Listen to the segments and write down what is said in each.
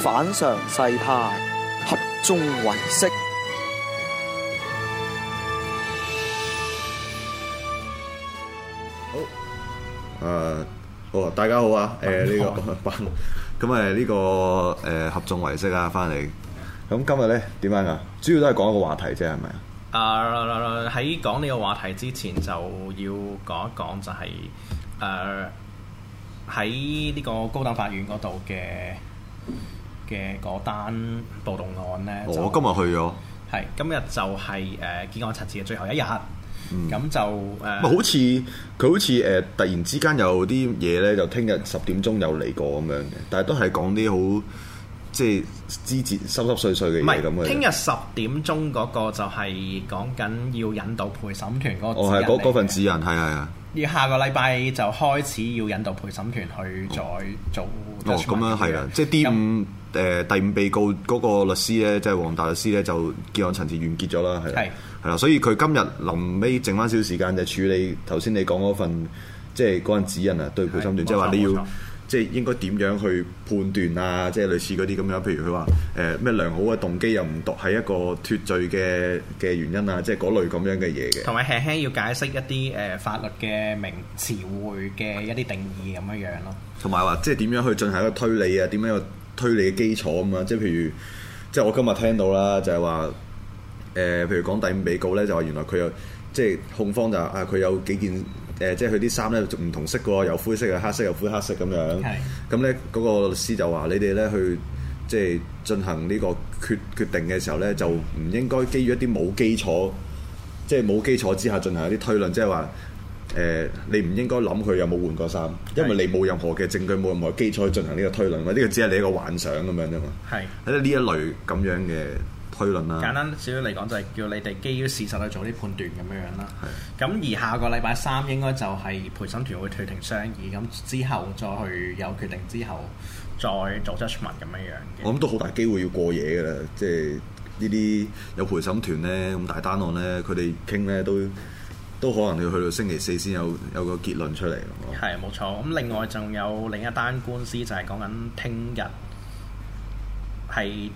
反常世態，合眾唯識。好，誒，好啊，大家好啊，誒寒，呢、呃，這個咁誒呢個誒、呃、合眾唯識啊，翻嚟。咁今日咧點樣啊？主要都係講一個話題啫，係咪啊？誒、呃，喺講呢個話題之前，就要講一講就係誒喺呢個高等法院嗰度嘅。嘅嗰單暴動案咧，我、哦、今日去咗。係是今日就係、是、誒、uh, 結案陳詞嘅最後一日，咁、嗯、就誒、uh,。好似佢好似誒突然之間有啲嘢咧，就聽日十點鐘有嚟過咁樣嘅，但係都係講啲好即係枝枝濕濕碎碎嘅嘢咁嘅。聽日十點鐘嗰個就係講緊要引導陪審團嗰哦係份指引係係啊。arım 而下個禮拜就開始要引導陪審團去再做。哦咁、哦就是、樣係啊，就是、那即係啲、就是。五。誒第五被告嗰個律師咧，即係黃大律師咧，就結案陳詞完結咗啦，係係啦，的所以佢今日臨尾剩翻少少時間，就處理頭先你講嗰份，即係嗰份指引啊，對陪審團，即係話你要，即係錯應該點樣去判斷啊，即、就、係、是、類似嗰啲咁樣，譬如佢話誒咩良好嘅動機又唔獨係一個脫罪嘅嘅原因啊，即係嗰類咁樣嘅嘢嘅。同埋輕輕要解釋一啲誒、呃、法律嘅名詞彙嘅一啲定義咁樣樣咯，同埋話即係點樣去進行一個推理啊，點樣去，推理嘅基礎吖嘛，即係譬如，即係我今日聽到啦，就係話誒，譬如講第五被告咧，就話原來佢有即係控方就話啊，佢有幾件誒、呃，即係佢啲衫咧，唔同色嘅喎，有灰色啊，有黑色，有灰黑色咁樣，咁咧嗰個律師就話你哋咧去即係進行呢個決決定嘅時候咧，就唔應該基於一啲冇基礎，即係冇基礎之下進行一啲推論，即係話。誒、呃，你唔應該諗佢有冇換過衫，因為你冇任何嘅證據，冇任何基礎去進行呢個推論，或者只係你一個幻想咁樣啫嘛。係是，呢一類咁樣嘅推論啦。簡單少少嚟講，就係叫你哋基於事實去做啲判斷咁樣樣啦。係是。咁而下個禮拜三應該就係陪審團會退庭商議，咁之後再去有決定之後再做 j u d g m e n t 咁樣樣嘅。我諗都好大機會要過夜㗎啦，即係呢啲有陪審團咧，咁大單案咧，佢哋傾咧都。都可能要去到星期四先有有個結論出嚟。係，冇錯，咁另外仲有另一單官司，就係講緊聽日係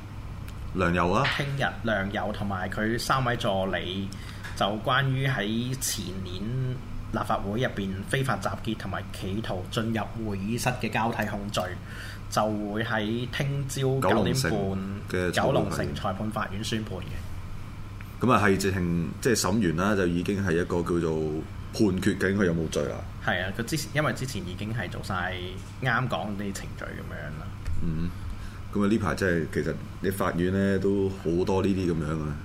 梁友啊。聽日梁友同埋佢三位助理就關於喺前年立法會入邊非法集結同埋企圖進入會議室嘅交替控罪，就會喺聽朝九點半九龍城，嘅其實九龍城裁判法院宣判嘅。咁啊，係直情即係審完啦，就已經係一個叫做判決，究竟佢有冇罪啦。係啊，佢之前因為之前已經係做晒啱講啲程序咁樣啦。嗯，咁啊呢排真係其實你法院咧都好多呢啲咁樣啊，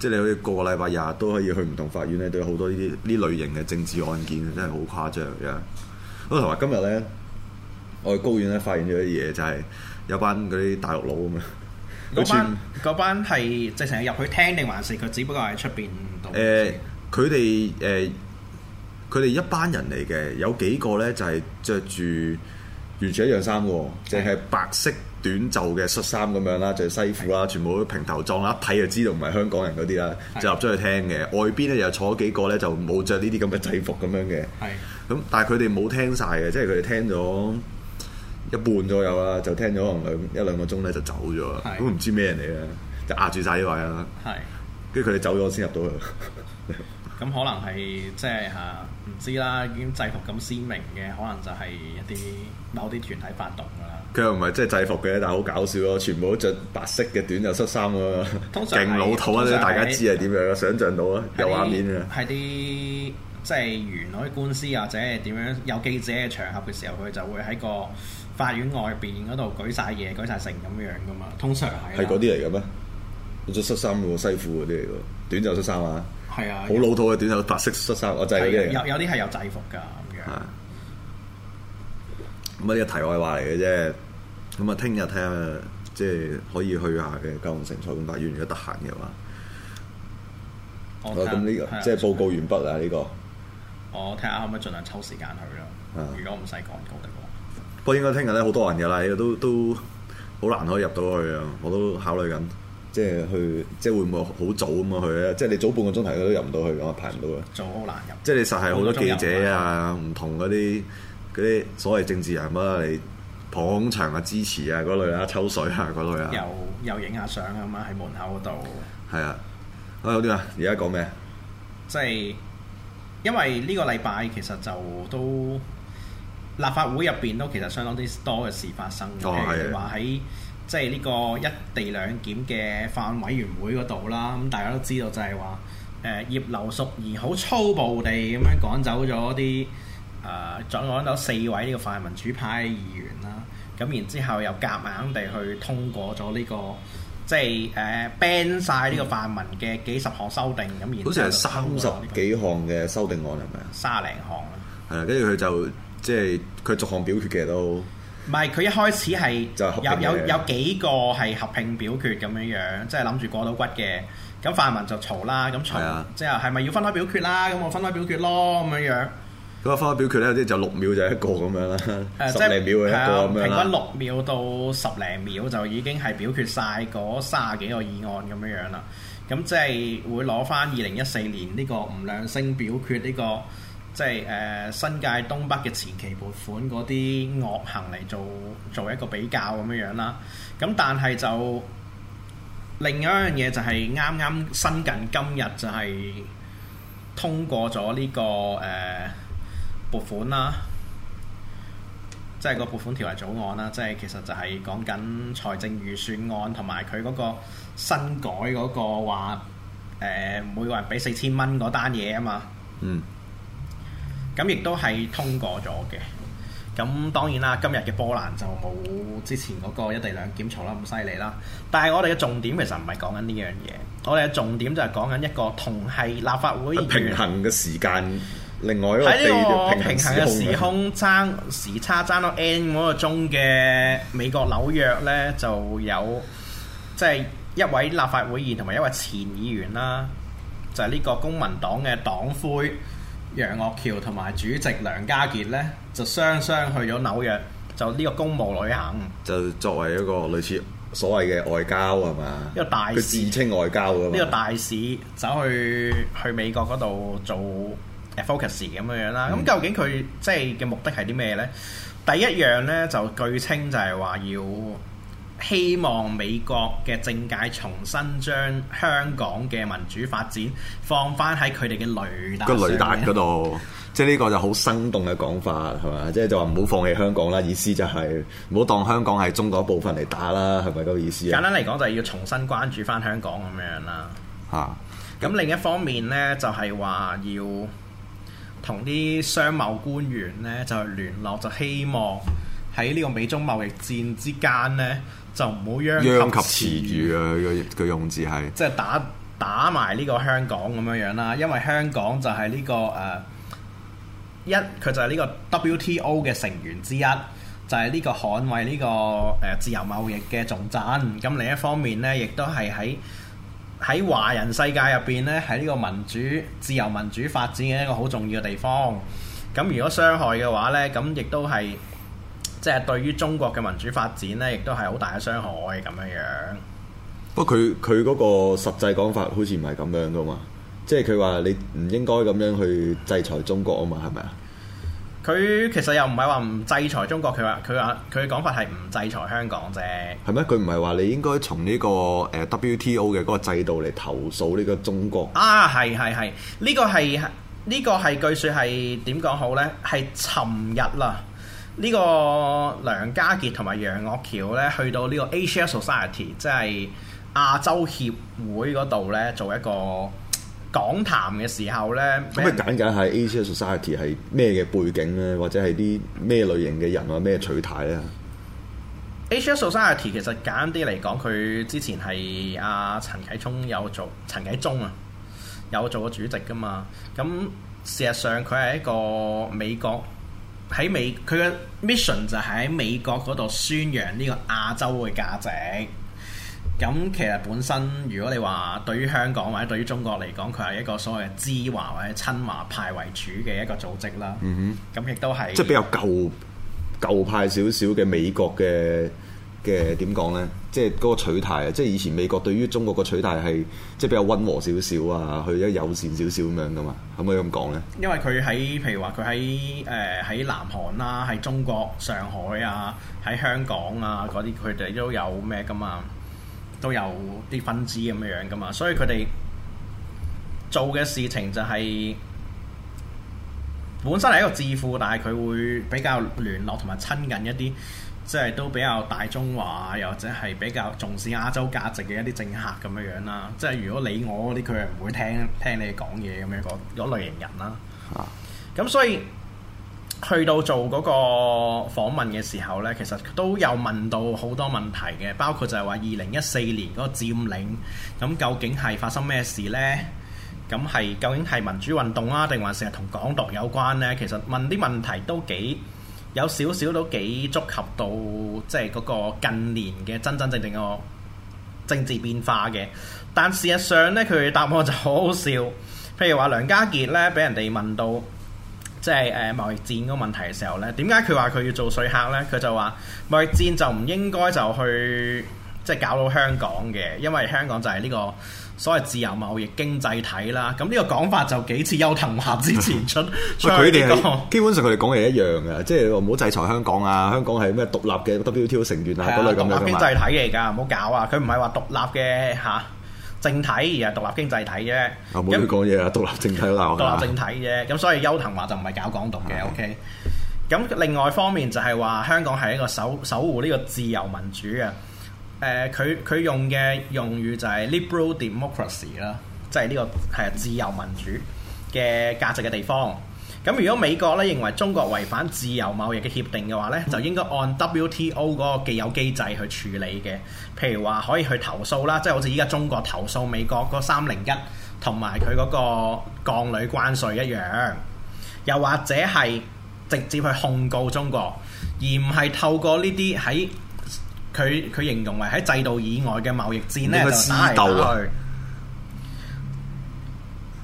即係你可以個個禮拜日都可以去唔同法院咧都有好多呢啲呢類型嘅政治案件啊，真係好誇張嘅。好，同埋今日咧，我哋高院咧發現咗一嘢就係、是、有班嗰啲大陸佬咁樣。 嗰班嗰全班係直情入去聽定還是佢只不過喺出邊？誒、呃，佢哋誒，佢、呃、哋一班人嚟嘅，有幾個咧就係着住完全一樣衫嘅，即係的白色短袖嘅恤衫咁樣啦，就著西褲啦、啊，的全部平頭撞一睇就知道唔係香港人嗰啲啦，的就入咗去聽嘅。外邊咧又坐幾個咧就冇着呢啲咁嘅制服咁樣嘅，係咁的。的但係佢哋冇聽晒嘅，即係佢哋聽咗一半左右啦，就聽咗可能兩一兩個鐘咧，就走咗啦。都唔知咩人嚟啊，就壓住曬呢位啦。係，跟住佢哋走咗先入到去。咁可能係即係嚇，唔知啦。已經制服咁鮮明嘅，可能就係一啲某啲團體發動㗎啦。佢又唔係即係制服嘅，但係好搞笑咯。全部都着白色嘅短袖恤衫喎，勁老土啊！大家知係點樣啊？想像到啊，有畫面啊。係啲即係元朗官司或者點樣有記者嘅場合嘅時候，佢就會喺個。法院外邊嗰度舉晒嘢，舉晒成咁樣噶嘛？通常係係嗰啲嚟嘅咩？着恤衫噶西褲嗰啲嚟噶，短袖恤衫啊？係啊，好老土嘅短袖白色恤衫，我就係、有啲係有，有，有制服噶咁樣。咁啊呢個題外話嚟嘅啫。咁啊，聽日睇下，即係可以去下嘅九龍城裁判法院，如果得閒嘅話。咁呢個即係報告完畢啊？呢個我睇下可唔可以盡量抽時間去啦。啊、如果唔使趕工得。不過應該聽日咧好多人嘅啦，都都好難可以入到去啊！我都考慮緊，即係去，即係會唔會好早咁去啊？即係你早半個鐘頭都入唔到去，咁啊排唔到啊！早難入，即係你實係好多記者啊，唔同嗰啲嗰啲所謂政治人物啊，你捧場啊、支持啊嗰類啊、抽水啊嗰類啊。又又影下相啊嘛，喺門口嗰度。係啊，啊有啲啊，而家講咩？即係、就是、因為呢個禮拜其實就都。立法會入邊都其實相當之多嘅事發生嘅，譬如話喺即係呢個一地兩檢嘅法案委員會嗰度啦，咁大家都知道就係話，誒、呃、葉劉淑儀好粗暴地咁樣趕走咗啲誒，再、呃、趕走四位呢個泛民主派嘅議員啦，咁然之後又夾硬，硬地去通過咗呢、呢個即係誒 ban 曬呢個泛民嘅幾十項修訂咁，嗯、然好似係三十幾項嘅修訂案係咪啊？卅零項啊！係啊，跟住佢就。即係佢逐項表決嘅都，唔係佢一開始係有有有幾個係合併表決咁樣樣，即係諗住過到骨嘅。咁泛民就嘈啦，咁嘈是的 即係係咪要分開表決啦？咁我分開表決咯咁樣樣。咁啊分開表決咧，即啲就六秒就一個咁樣啦，的十零秒平均六秒到十零秒就已經係表決晒嗰三十幾個議案咁樣樣啦。咁即係會攞翻二零一四年呢個吳亮星表決呢個。即係誒、呃、新界東北嘅前期撥款嗰啲惡行嚟做做一個比較咁樣樣啦。咁但係就另一樣嘢就係啱啱新近今日就係通過咗呢、這個誒、呃、撥款啦，即係個撥款條例草案啦。即係其實就係講緊財政預算案同埋佢嗰個新改嗰個話、呃、每個人俾四千蚊嗰單嘢啊嘛。嗯。咁亦都係通過咗嘅。咁當然啦，今日嘅波蘭就冇之前嗰個一地兩檢吵得咁犀利啦。但係我哋嘅重點其實唔係講緊呢樣嘢，我哋嘅重點就係講緊一個同係立法會議員平衡嘅時間。另外一呢個，個平衡嘅時空爭時，時差爭到 N 嗰個鐘嘅美國紐約咧，就有即係、就是、一位立法會議員同埋一位前議員啦，就係、是、呢個公民黨嘅黨魁。楊岳橋同埋主席梁家傑咧，就雙雙去咗紐約，就呢個公務旅行。就作為一個類似所謂嘅外交係嘛？一個大使，佢自稱外交㗎嘛？呢個大使走去去美國嗰度做、A、focus 咁樣樣啦。咁、嗯、究竟佢即係嘅目的係啲咩咧？第一樣咧就據稱就係話要。希望美國嘅政界重新將香港嘅民主發展放翻喺佢哋嘅雷達度， 即係呢個就好生動嘅講法，係嘛？即係就話唔好放棄香港啦，意思就係唔好當香港係中國一部分嚟打啦，係咪嗰個意思？簡單嚟講，就係要重新關注翻香港咁樣啦。嚇、啊！咁、嗯、另一方面呢，就係、是、話要同啲商貿官員呢就聯絡，就希望喺呢個美中貿易戰之間呢。就唔好殃及詞語啊！佢佢用字係即係打打埋呢個香港咁樣樣啦，因為香港就係呢個誒一，佢就係呢個 WTO 嘅成員之一，就係呢個捍衞呢個誒自由貿易嘅重鎮。咁另一方面呢，亦都係喺喺華人世界入邊呢，喺呢個民主自由民主發展嘅一個好重要嘅地方。咁如果傷害嘅話呢，咁亦都係。即係對於中國嘅民主發展呢，亦都係好大嘅傷害咁樣樣。不過佢佢嗰個實際講法好似唔係咁樣噶嘛。即係佢話你唔應該咁樣去制裁中國啊嘛，係咪啊？佢其實又唔係話唔制裁中國，佢話佢話佢嘅講法係唔制裁香港啫。係咩？佢唔係話你應該從呢個誒 W T O 嘅嗰個制度嚟投訴呢個中國啊？係係係呢個係呢個係據説係點講好呢？係尋日啦。呢個梁家傑同埋楊岳橋咧，去到呢個 Asia Society，即係亞洲協會嗰度咧，做一個講談嘅時候咧，咁咪簡簡係 Asia Society 係咩嘅背景咧，或者係啲咩類型嘅人啊，咩取態啊？Asia Society 其實簡啲嚟講，佢之前係阿陳啟聰有做陳啟宗啊，有做過主席噶嘛。咁事實上佢係一個美國。喺美佢嘅 mission 就係喺美國嗰度宣揚呢個亞洲嘅價值。咁其實本身如果你話對於香港或者對於中國嚟講，佢係一個所謂嘅知華或者親華派為主嘅一個組織啦。嗯哼，咁亦都係即係比較舊舊派少少嘅美國嘅。嘅點講呢？即係嗰個取態啊，即係以前美國對於中國個取態係即係比較溫和少少、呃、啊，去咗友善少少咁樣噶嘛，可唔可以咁講呢？因為佢喺譬如話佢喺誒喺南韓啦，喺中國上海啊，喺香港啊嗰啲，佢哋都有咩噶嘛？都有啲分支咁樣噶嘛，所以佢哋做嘅事情就係、是、本身係一個智庫，但係佢會比較聯絡同埋親近一啲。即係都比較大中華啊，又或者係比較重視亞洲價值嘅一啲政客咁樣樣啦。即係如果你我嗰啲，佢係唔會聽聽你講嘢咁樣嗰類型人啦。啊，咁所以去到做嗰個訪問嘅時候呢，其實都有問到好多問題嘅，包括就係話二零一四年嗰個佔領，咁究竟係發生咩事呢？咁係究竟係民主運動啊，定還是係同港獨有關呢？其實問啲問題都幾～有少少都幾觸及到，即係嗰個近年嘅真真正正嘅政治變化嘅。但事實上呢，佢答案就好好笑。譬如話梁家傑呢，俾人哋問到即係誒貿易戰嗰個問題嘅時候呢，點解佢話佢要做水客呢？佢就話貿易戰就唔應該就去。即係搞到香港嘅，因為香港就係呢個所謂自由貿易經濟體啦。咁呢個講法就幾似邱騰華之前出出佢哋係基本上佢哋講嘢一樣嘅，即係唔好制裁香港啊！香港係咩獨立嘅 WTO 成員啊，嗰類咁樣嘅嘛。獨立經濟體嚟噶，唔好搞啊！佢唔係話獨立嘅嚇政體，而係獨立經濟體啫。唔好講嘢啊！獨立政體都獨立政體啫。咁、啊、所以邱騰華就唔係搞港獨嘅。O K 的。咁、okay? 另外方面就係話香港係一個守守護呢個自由民主嘅。誒佢佢用嘅用語就係 liberal democracy 啦，即係呢個係自由民主嘅價值嘅地方。咁如果美國咧認為中國違反自由貿易嘅協定嘅話咧，嗯、就應該按 WTO 嗰個既有機制去處理嘅。譬如話可以去投訴啦，即係好似依家中國投訴美國嗰三零一同埋佢嗰個鋼鋁關稅一樣，又或者係直接去控告中國，而唔係透過呢啲喺。佢佢形容為喺制度以外嘅貿易戰，呢就打嚟打去。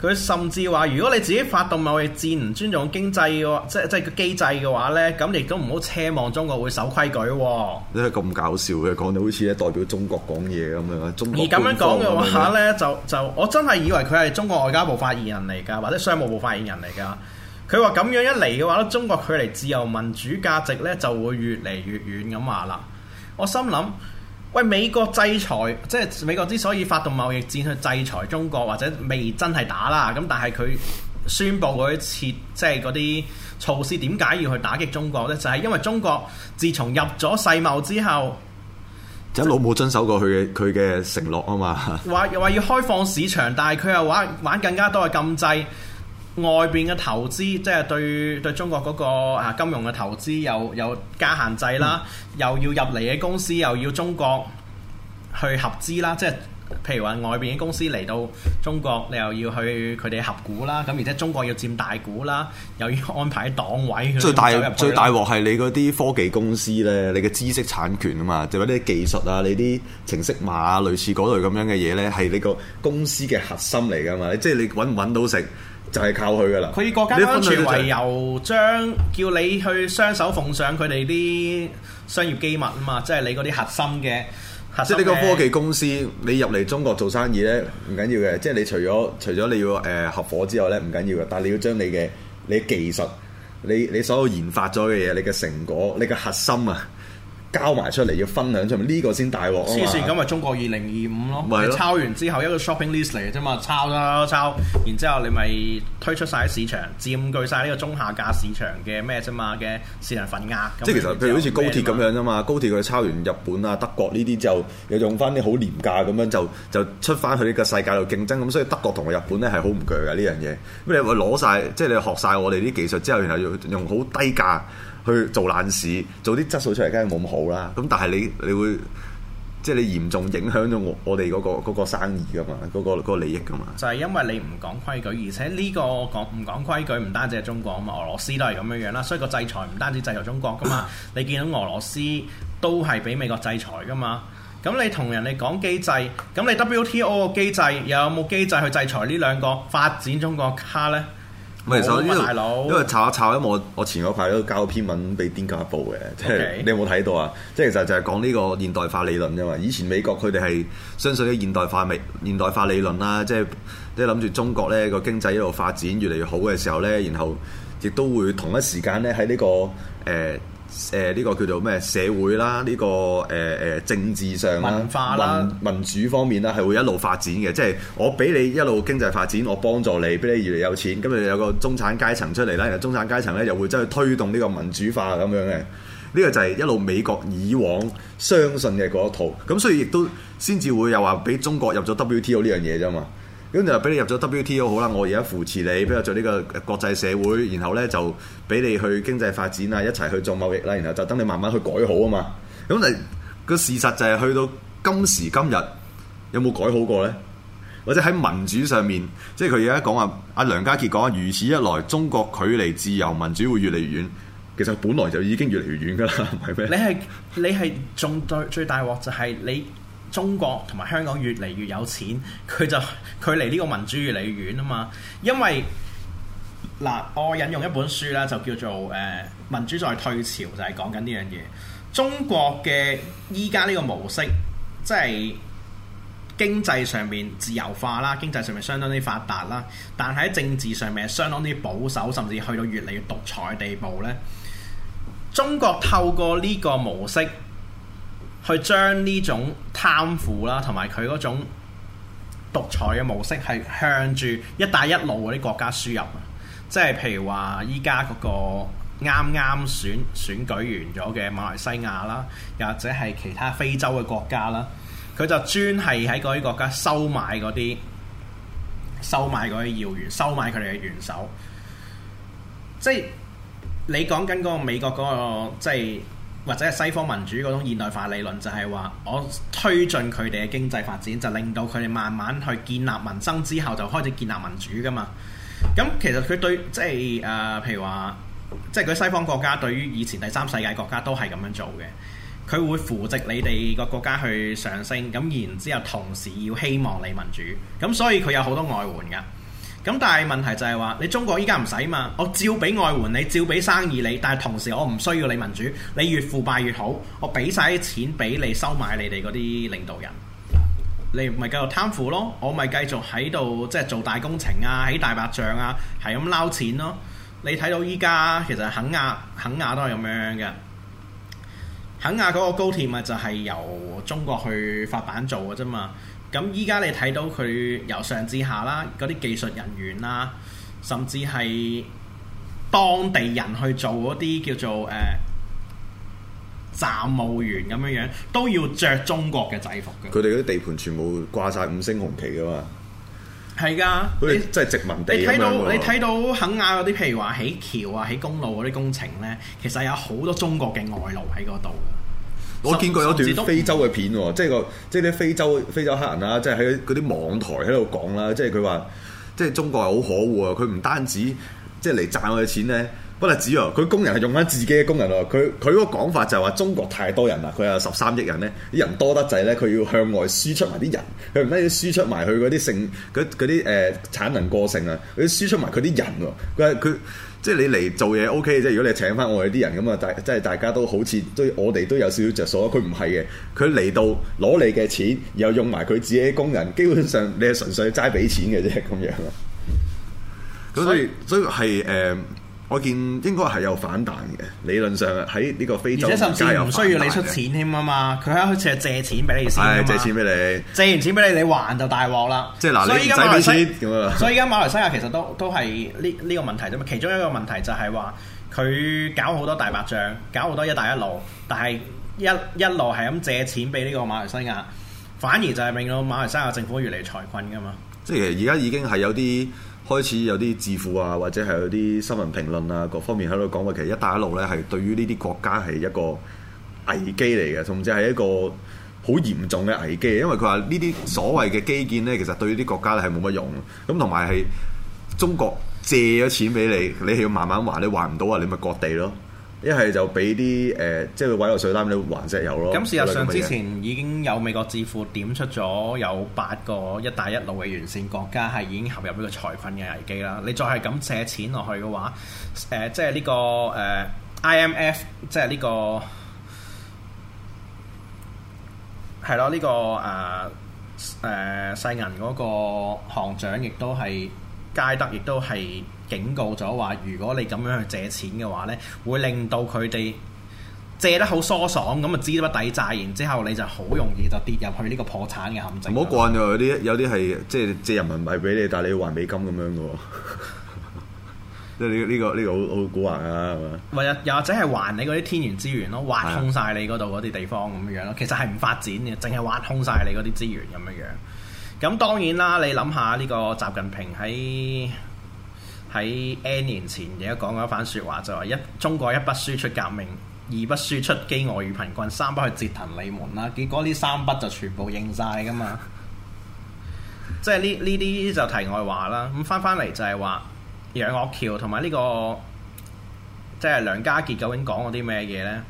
佢甚至話：如果你自己發動貿易戰，唔尊重經濟嘅，即即個機制嘅話呢，咁你都唔好奢望中國會守規矩。呢個咁搞笑嘅講，你好似代表中國講嘢咁樣。中國樣而咁樣講嘅話呢，就就我真係以為佢係中國外交部發言人嚟㗎，或者商務部發言人嚟㗎。佢話咁樣一嚟嘅話咧，中國距離自由民主價值呢，就會越嚟越遠咁話啦。我心諗，喂，美國制裁，即係美國之所以發動貿易戰去制裁中國，或者未真係打啦，咁但係佢宣佈嗰啲設，即係嗰啲措施，點解要去打擊中國呢？就係因為中國自從入咗世貿之後，一路冇遵守過佢嘅佢嘅承諾啊嘛，話話要開放市場，但係佢又玩玩更加多嘅禁制。外邊嘅投資，即係對對中國嗰個啊金融嘅投資又有加限制啦，嗯、又要入嚟嘅公司又要中國去合資啦，即係譬如話外邊嘅公司嚟到中國，你又要去佢哋合股啦，咁而且中國要佔大股啦，又要安排黨位。最大最大鑊係你嗰啲科技公司咧，你嘅知識產權啊嘛，仲有啲技術啊，你啲程式碼啊，類似嗰類咁樣嘅嘢咧，係你個公司嘅核心嚟㗎嘛，即係你揾唔揾到食。就係靠佢㗎啦！佢以國家安全為由，將叫你去雙手奉上佢哋啲商業機密啊嘛，即係你嗰啲核心嘅。核心即係呢個科技公司，你入嚟中國做生意呢，唔緊要嘅。即係你除咗除咗你要誒合伙之外呢，唔緊要嘅。但係你要將你嘅你技術、你你所有研發咗嘅嘢、你嘅成果、你嘅核心啊！交埋出嚟要分享出嚟，呢個先大鑊。黐線，咁咪中國二零二五咯，即係抄完之後一個 shopping list 嚟嘅啫嘛，抄啦，抄，抄，然之後你咪推出晒市場，佔據晒呢個中下價市場嘅咩啫嘛嘅市場份額。即係其實譬如好似高鐵咁樣啫嘛，高鐵佢抄完日本啊、德國呢啲之後，又用翻啲好廉價咁樣就就出翻去呢個世界度競爭咁，所以德國同日本咧係好唔鋸嘅呢樣嘢。咩你話攞晒，即係你學晒我哋啲技術之後，然後用用好低價。去做爛事，做啲質素出嚟梗係冇咁好啦。咁但係你，你會即係、即係、你嚴重影響咗我我哋嗰個生意噶嘛，嗰、嗰個嗰個利益噶嘛。就係因為你唔講規矩，而且呢個講唔講規矩唔單止係中國啊嘛，俄羅斯都係咁樣樣啦。所以個制裁唔單止制裁中國噶嘛，你見到俄羅斯都係俾美國制裁噶嘛。咁你同人哋講機制，咁你 WTO 個機制又有冇機制去制裁呢兩個發展中國卡呢？唔係，因為因為查一查，因為我我前嗰排都交篇文俾《天一報》嘅，即係你有冇睇到啊？即係其實就係講呢個現代化理論啫嘛。以前美國佢哋係相信啲現代化、未現代化理論啦，即係都諗住中國咧個經濟一路發展越嚟越好嘅時候咧，然後亦都會同一時間咧喺呢個誒。呃誒呢、呃這個叫做咩社會啦，呢、這個誒誒、呃、政治上、文化啦民、民主方面啦，係會一路發展嘅。即係我俾你一路經濟發展，我幫助你，俾你越嚟越有錢，咁咪有個中產階層出嚟啦。然後中產階層咧又會真係推動呢個民主化咁樣嘅。呢、這個就係一路美國以往相信嘅嗰一套。咁所以亦都先至會又話俾中國入咗 WTO 呢樣嘢啫嘛。咁就俾你入咗 WTO 好啦，我而家扶持你，不如做呢個國際社會，然後呢就俾你去經濟發展啊，一齊去做貿易啦，然後就等你慢慢去改好啊嘛。咁你個事實就係、是、去到今時今日，有冇改好過呢？或者喺民主上面，即係佢而家講話，阿梁家傑講啊，如此一來，中國距離自由民主會越嚟越遠。其實本來就已經越嚟越遠噶啦，係咩？你係你係中對最大鑊就係你。中國同埋香港越嚟越有錢，佢就距離呢個民主越嚟越遠啊嘛！因為嗱，我引用一本書啦，就叫做《誒、呃、民主在退潮》，就係講緊呢樣嘢。中國嘅依家呢個模式，即係經濟上面自由化啦，經濟上面相當之發達啦，但係喺政治上面相當之保守，甚至去到越嚟越獨裁嘅地步咧。中國透過呢個模式，去將呢種貪腐啦，同埋佢嗰種獨裁嘅模式，係向住一帶一路嗰啲國家輸入啊！即係譬如話依家嗰個啱啱選選舉完咗嘅馬來西亞啦，又或者係其他非洲嘅國家啦，佢就專係喺嗰啲國家收買嗰啲收買嗰啲要員，收買佢哋嘅元首。即係你講緊嗰個美國嗰個，即係。或者係西方民主嗰種現代化理論，就係話我推進佢哋嘅經濟發展，就令到佢哋慢慢去建立民生之後，就開始建立民主噶嘛。咁其實佢對即係誒，譬、就是呃、如話，即係佢西方國家對於以前第三世界國家都係咁樣做嘅，佢會扶植你哋個國家去上升，咁然之後同時要希望你民主，咁所以佢有好多外援噶。咁但係問題就係話，你中國依家唔使嘛，我照俾外援你，你照俾生意你，但係同時我唔需要你民主，你越腐敗越好，我俾晒啲錢俾你收買你哋嗰啲領導人，你咪繼續貪腐咯，我咪繼續喺度即係做大工程啊，起大白象啊，係咁撈錢咯。你睇到依家其實肯亞肯亞都係咁樣嘅，肯亞嗰個高鐵咪就係由中國去發版做嘅啫嘛。咁依家你睇到佢由上至下啦，嗰啲技術人員啦，甚至係當地人去做嗰啲叫做誒、呃、站務員咁樣樣，都要着中國嘅制服嘅。佢哋嗰啲地盤全部掛晒五星紅旗噶嘛？係噶的，好似真係殖民地咁樣。你睇到你睇到肯亞嗰啲，譬如話起橋啊、起公路嗰啲工程咧，其實有好多中國嘅外勞喺嗰度。我見過有段非洲嘅片，即係個即係啲非洲非洲黑人啦，即係喺嗰啲網台喺度講啦，即係佢話，即係中國係好可惡啊！佢唔單止即係嚟賺我嘅錢咧。不得止啊，佢工人係用翻自己嘅工人喎。佢佢嗰個講法就話中國太多人啦，佢有十三億人咧，啲人多得滯咧，佢要向外輸出埋啲人，佢唔單止輸出埋佢嗰啲性嗰嗰啲誒產能過剩啊，佢輸出埋佢啲人喎。佢佢即係你嚟做嘢 O K 即係如果你請翻我哋啲人咁啊，大即係大家都好似都我哋都有少少着數。佢唔係嘅，佢嚟到攞你嘅錢，又用埋佢自己嘅工人，基本上你係純粹齋俾錢嘅啫，咁樣。所以所以係誒。呃我見應該係有反彈嘅，理論上喺呢個非洲加油，而且甚至唔需要你出錢添啊嘛，佢喺去借借錢俾你先。係、哎、借錢俾你，借完錢俾你，你還就大鑊啦。即係嗱，你唔使俾錢，所以而家馬，樣馬來西亞其實都都係呢呢個問題啫嘛。其中一個問題就係話佢搞好多大白象，搞好多一帶一路，但係一一路係咁借錢俾呢個馬來西亞，反而就係令到馬來西亞政府越嚟越財困噶嘛。即係而家已經係有啲。開始有啲智庫啊，或者係有啲新聞評論啊，各方面喺度講話，其實一帶一路咧係對於呢啲國家係一個危機嚟嘅，甚至係一個好嚴重嘅危機。因為佢話呢啲所謂嘅基建咧，其實對於呢啲國家咧係冇乜用。咁同埋係中國借咗錢俾你，你係要慢慢還，你還唔到啊，你咪割地咯。一係就俾啲誒，即係佢委託稅單咁樣還石油咯。咁事實上之前已經有美國智庫點出咗有八個一帶一路」嘅完善國家係已經陷入呢個財困嘅危機啦。你再係咁借錢落去嘅話，誒、呃、即係呢、這個誒、呃、IMF，即係呢、這個係咯，呢、這個誒誒、呃呃、世銀嗰個行長亦都係，佳德亦都係。警告咗話：如果你咁樣去借錢嘅話呢，會令到佢哋借得好疏爽，咁啊資不抵債，然之後你就好容易就跌入去呢個破產嘅陷阱。唔好慣咗啲，有啲係即係借人民幣俾你，但係你要還美金咁樣嘅喎。即係呢個呢個好好古惑啊，係咪？又或者係還你嗰啲天然資源咯，挖空晒你嗰度嗰啲地方咁樣樣咯，的其實係唔發展嘅，淨係挖空晒你嗰啲資源咁樣樣。咁當然啦，你諗下呢個習近平喺。喺 N 年前而家講過一番説話，就話一中國，一不輸出革命，二不輸出饑餓與貧困，三不去折騰你們啦。結果呢三筆就全部應晒噶嘛。 即係呢呢啲就題外話啦。咁翻翻嚟就係話楊岳橋同埋呢個即係、就是、梁家傑究竟講過啲咩嘢呢？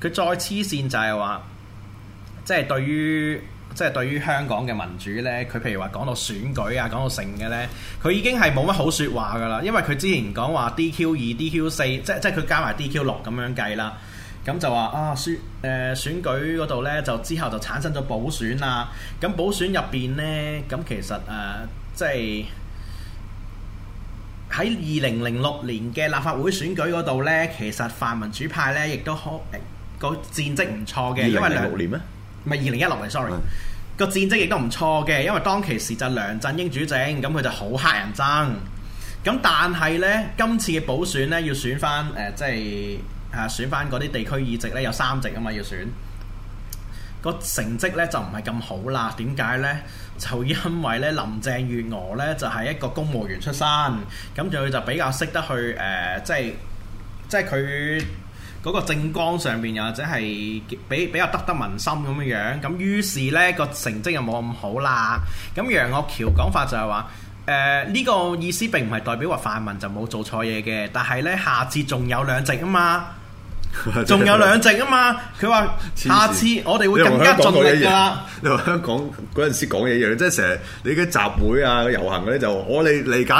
佢再黐線就係話，即、就、係、是、對於。即係對於香港嘅民主呢，佢譬如話講到選舉啊，講到剩嘅呢，佢已經係冇乜好説話㗎啦。因為佢之前講話 DQ 二、DQ 四，即係即係佢加埋 DQ 六咁樣計啦。咁就話啊選誒、呃、選舉嗰度呢，就之後就產生咗補選啊。咁補選入邊呢，咁其實誒、呃、即係喺二零零六年嘅立法會選舉嗰度呢，其實泛民主派呢亦都好個、呃、戰績唔錯嘅，因為零六年咩？咪二零一六年，sorry，個、嗯、戰績亦都唔錯嘅，因為當其時就梁振英主政，咁佢就好黑人憎。咁但係呢，今次嘅補選呢，要選翻誒、呃，即係啊選翻嗰啲地區議席呢，有三席啊嘛，要選，個成績呢，就唔係咁好啦。點解呢？就因為呢，林鄭月娥呢，就係、是、一個公務員出身，咁佢就比較識得去誒、呃，即係即係佢。嗰個政綱上面又或者係比比較得得民心咁樣樣，咁於是呢個成績又冇咁好啦。咁楊岳橋講法就係話，誒、呃、呢、呢個意思並唔係代表話泛民就冇做錯嘢嘅，但係呢，下次仲有兩席啊嘛。仲 有兩隻啊嘛！佢話下次我哋會更加盡力噶啦。你話香港嗰陣時講嘢一樣，即係成日你嘅集會啊、遊行嗰啲就我哋嚟緊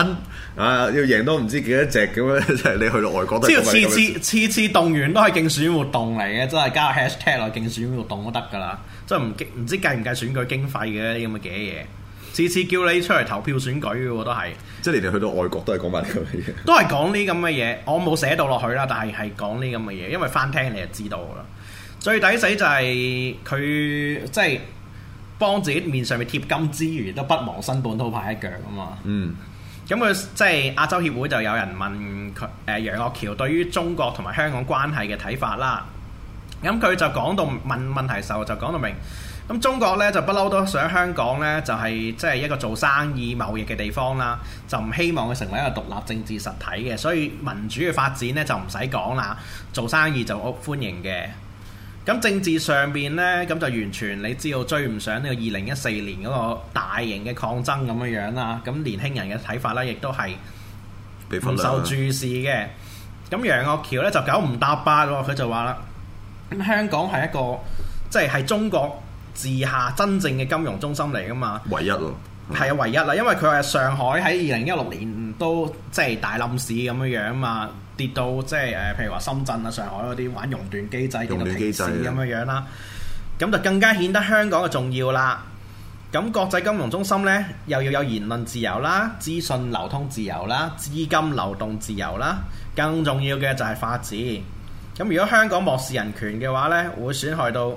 啊要贏多唔知幾多隻咁樣，即 係你去到外國都知道次次次次動員都係競選活動嚟嘅，即係加個 hashtag 落競選活動都得噶啦。即係唔唔知計唔計選舉經費嘅啲咁嘅嘅嘢。次次叫你出嚟投票選舉嘅喎，都係。即係你哋去到外國都係講埋呢啲嘢，都係講呢咁嘅嘢，我冇寫到落去啦。但係係講呢咁嘅嘢，因為翻聽你就知道啦。最抵死就係佢即係幫自己面上面貼金之餘，都不忘新本土派一腳啊嘛。嗯。咁佢即係亞洲協會就有人問佢誒、呃、楊岳橋對於中國同埋香港關係嘅睇法啦。咁佢就講到問問題時候就講到明。咁中國咧就不嬲都想香港咧，就係即係一個做生意貿易嘅地方啦。就唔希望佢成為一個獨立政治實體嘅，所以民主嘅發展咧就唔使講啦。做生意就好歡迎嘅。咁政治上邊咧，咁就完全你知道追唔上呢個二零一四年嗰個大型嘅抗爭咁樣樣啦。咁年輕人嘅睇法咧，亦都係唔受注視嘅。咁楊岳橋咧就九唔搭八喎、哦，佢就話啦，咁香港係一個即係係中國治下真正嘅金融中心嚟噶嘛，唯一？唯一咯。係啊，唯一啦，因為佢係上海喺二零一六年都即係大冧市咁樣樣啊，嘛，跌到即係誒，譬如話深圳啊、上海嗰啲玩熔斷機制、熔斷機制咁樣樣啦，咁、啊、就更加顯得香港嘅重要啦。咁國際金融中心咧，又要有言論自由啦、資訊流通自由啦、資金流動自由啦，更重要嘅就係法治。咁如果香港漠視人權嘅話咧，會損害到。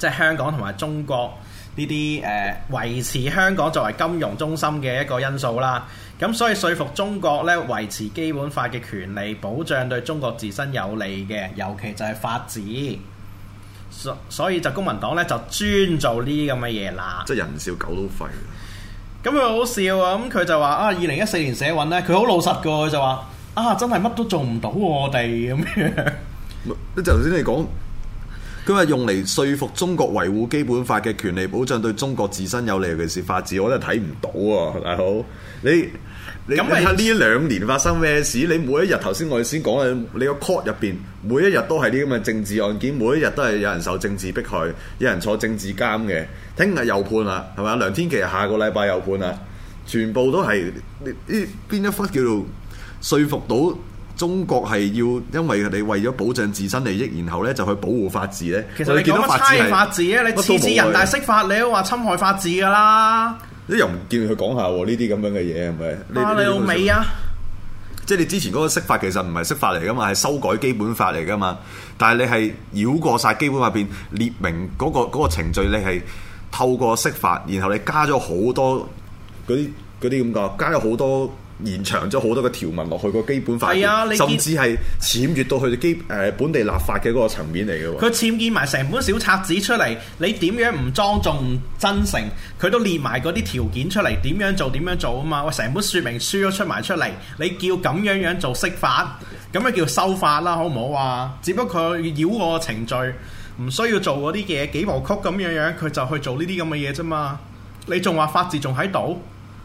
即係香港同埋中國呢啲誒，維持香港作為金融中心嘅一個因素啦，咁所以說服中國咧，維持基本法嘅權利保障對中國自身有利嘅，尤其就係法治。所以所以就公民黨咧，就專做呢啲咁嘅嘢啦。即係人笑狗都廢。咁佢好笑啊！咁佢就話啊，二零一四年社運咧，佢好老實噶，佢就話啊，真係乜都做唔到我哋咁樣。你頭先你講。佢話用嚟說服中國維護基本法嘅權利保障對中國自身有利，尤其是法治，我真係睇唔到啊。大佬。你你睇下呢兩年發生咩事？你每一日頭先，我哋先講啊，你個 court 入邊每一日都係啲咁嘅政治案件，每一日都係有人受政治迫害，有人坐政治監嘅。聽日又判啦，係嘛？梁天琦下個禮拜又判啦，全部都係呢邊一忽叫做說服到。中國係要，因為你為咗保障自身利益，然後咧就去保護法治咧。其實你講咩差異法治咧？治你次次人大釋法，你都話侵害法治噶啦。你又唔見佢講下呢啲咁樣嘅嘢，係咪？你你老味啊！即係你之前嗰個釋法其實唔係釋法嚟噶嘛，係修改基本法嚟噶嘛。但係你係繞過晒基本法變列明嗰、嗰個嗰個程序，你係透過釋法，然後你加咗好多嗰啲嗰啲咁講，加咗好多。延長咗好多個條文落去個基本法，啊、你甚至係僭越到佢基誒、呃、本地立法嘅嗰個層面嚟嘅喎。佢僭建埋成本小冊子出嚟，你點樣唔莊重唔真誠，佢都列埋嗰啲條件出嚟，點樣做點樣做啊嘛！我成本說明書都出埋出嚟，你叫咁樣樣做釋法，咁咪叫修法啦，好唔好啊？只不過佢繞個程序，唔需要做嗰啲嘢，幾部曲咁樣樣，佢就去做呢啲咁嘅嘢啫嘛。你仲話法治仲喺度？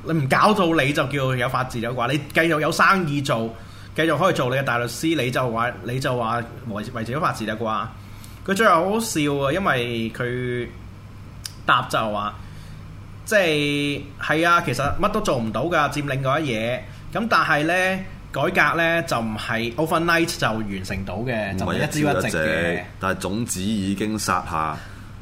你唔搞到你就叫佢有法治就啩，你繼續有生意做，繼續可以做你嘅大律師，你就話你就話維持咗法治就啩。佢最後好笑啊，因為佢答就話，是，即係係啊，其實乜都做唔到噶，只領佔領嗰一嘢。咁但係呢改革呢，就唔係 overnight 就完成到嘅，就一朝一夕嘅。但係種子已經撒下。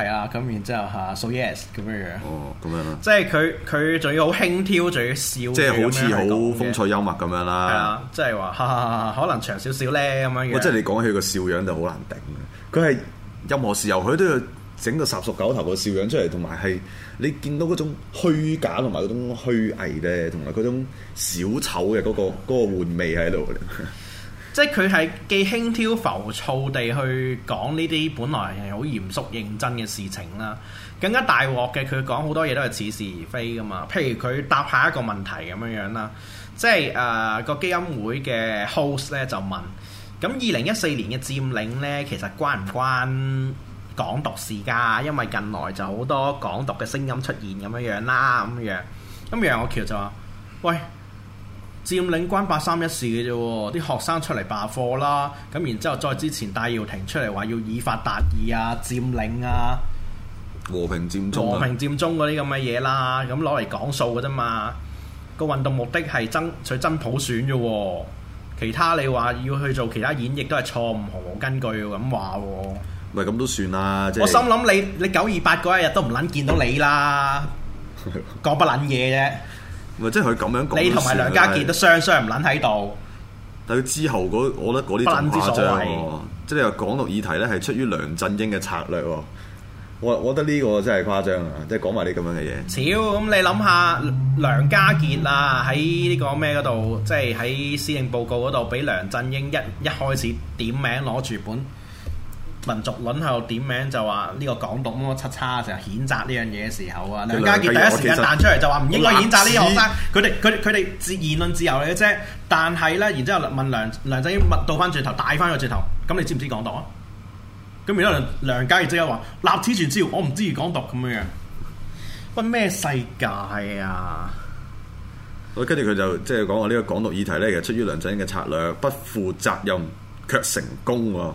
係啊，咁然之後嚇，so yes 咁樣樣。哦，咁樣啦。即係佢佢仲要好輕佻，仲要笑，即係好似好風趣幽默咁樣啦。係啊，即係話可能長少少咧咁樣。哇！即係你講起個笑樣就好難頂啦。佢係任何時候佢都要整個十熟九頭個笑樣出嚟，同埋係你見到嗰種虛假同埋嗰種虛偽咧，同埋嗰種小丑嘅嗰個嗰個玩味喺度。 即係佢係既輕佻浮躁地去講呢啲本來係好嚴肅認真嘅事情啦，更加大鑊嘅佢講好多嘢都係似是而非噶嘛。譬如佢答下一個問題咁樣樣啦，即係誒個基金會嘅 host 咧就問，咁二零一四年嘅佔領呢，其實關唔關港獨事㗎？因為近來就好多港獨嘅聲音出現咁樣樣啦咁樣，咁樣，樣我其實就話，喂。佔領關八三一事嘅啫，啲學生出嚟罷課啦，咁然之後再之前戴耀廷出嚟話要以法達義啊，佔領啊，和平佔中、啊、和平佔中嗰啲咁嘅嘢啦，咁攞嚟講數嘅啫嘛，個運動目的係爭取真普選嘅，其他你話要去做其他演繹都係錯誤，毫無根據嘅咁話喎。唔係咁都算啦，就是、我心諗你你九二八嗰一日都唔撚見到你啦， 講不撚嘢啫。即係佢咁樣講，你同埋梁家傑都雙雙唔撚喺度。但佢之後嗰，我覺得啲真撚之誇張喎。即係又講到議題咧，係出於梁振英嘅策略喎。我我覺得呢個真係誇張、就是、啊！即係講埋啲咁樣嘅嘢。少咁，你諗下梁家傑啊，喺呢個咩嗰度，即係喺施政報告嗰度，俾梁振英一一開始點名攞住本民族論喺度點名就話呢個港獨乜乜，那個，七叉，成日譴責呢樣嘢嘅時候啊，梁家傑第一時間彈出嚟就話唔應該譴責呢啲學生，佢哋佢佢哋自言論自由嚟嘅啫。但係咧，然之後問梁梁振英，咪倒翻轉頭帶翻個轉頭，咁你知唔知港獨啊？咁然之後梁家傑即刻話立此存照，我唔支持港獨咁樣樣。喂，咩世界啊？我跟住佢就即係講話呢個港獨議題咧，其實出於梁振英嘅策略，不負責任卻成功喎。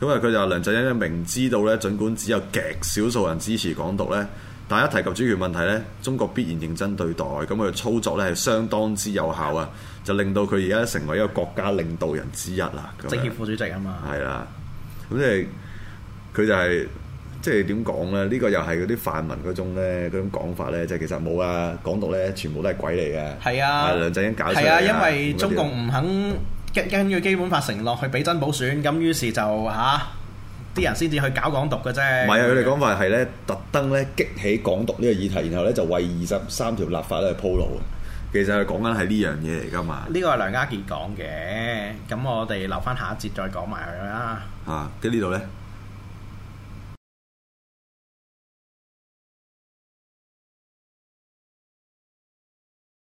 咁啊！佢就話梁振英咧明知道咧，儘管只有極少數人支持港獨咧，但係一提及主權問題咧，中國必然認真對待。咁佢操作咧係相當之有效啊，就令到佢而家成為一個國家領導人之一啦。政協副主席啊嘛，係啦。咁即係佢就係即係點講咧？呢個又係嗰啲泛民嗰種咧嗰種講法咧，即係其實冇啊！港獨咧全部都係鬼嚟嘅。係啊，梁振英搞，係啊，因為中共唔肯。根據基本法承諾去俾真補選，咁於是就嚇啲、啊、人先至去搞港獨嘅啫、嗯。唔係啊，佢哋講法係咧，特登咧激起港獨呢個議題，然後咧就為二十三條立法咧鋪路。其實係講緊係呢樣嘢嚟㗎嘛。呢個係梁家傑講嘅，咁我哋留翻下一節再講埋佢啦。嚇、啊，咁呢度咧。